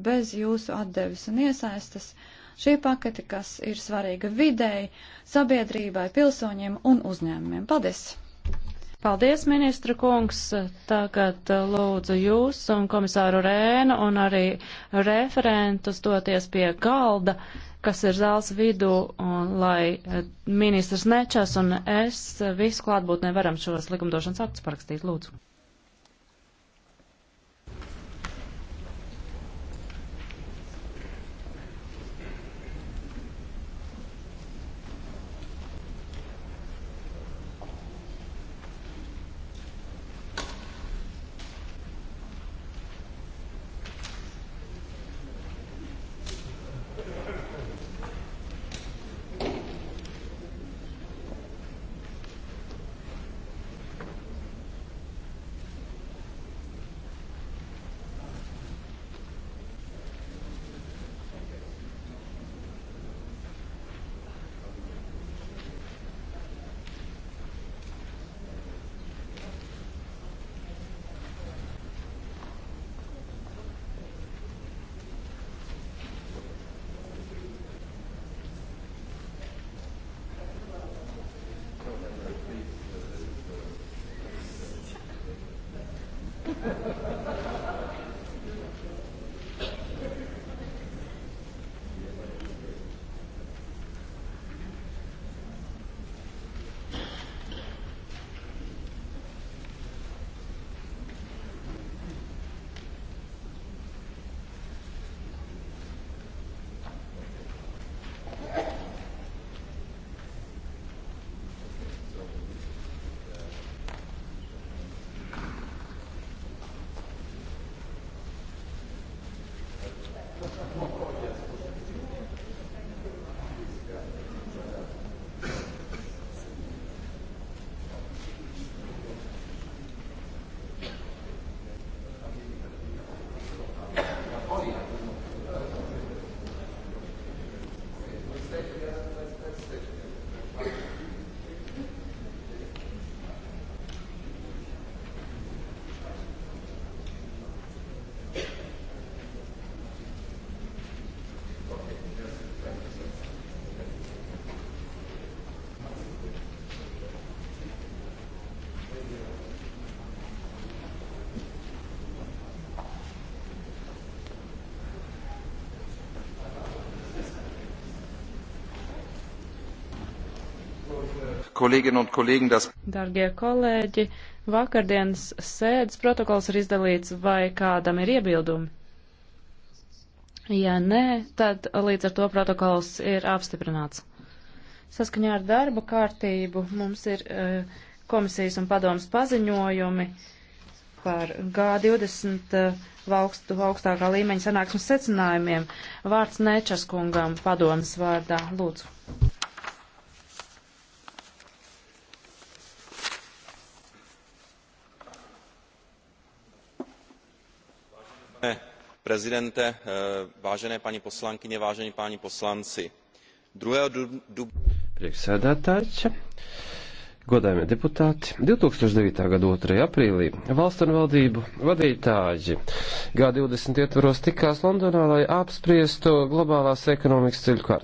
bez jūsu atdevis un iesaistas. Šie paketi, kas ir svarīga videi, sabiedrībai, pilsoņiem un uzņēmumiem. Paldies! Paldies, ministra kungs! Tagad uh, lūdzu jūs un komisāru Rēnu un arī referentus doties pie galda, kas ir zāles vidū, un lai uh, ministrs Nečas un es visu klātbūtnē varam šos likumdošanas aktus parakstīt. Lūdzu! Das... Dargie kolēģi, vakardienas sēdes protokols ir izdalīts, vai kādam ir iebildumi? Ja nē, tad līdz ar to protokols ir apstiprināts. Saskaņā ar darba kārtību mums ir uh, komisijas un padomas paziņojumi par G20 e, uh, valstu, augstākā līmeņa sanāksmes secinājumiem. Vārds Nečas kungam padomas vārdā. Lūdzu. pane prezidente eh, vážené paní poslankyně vážení páni poslanci druhého dubna. priekšsēdētājs godājumie deputāti 2009. gada 2. aprīlī valstu un valdību vadītāji G20 ietvaros tikās Londonā, lai apspriestu globālās ekonomikas ceļu kartu.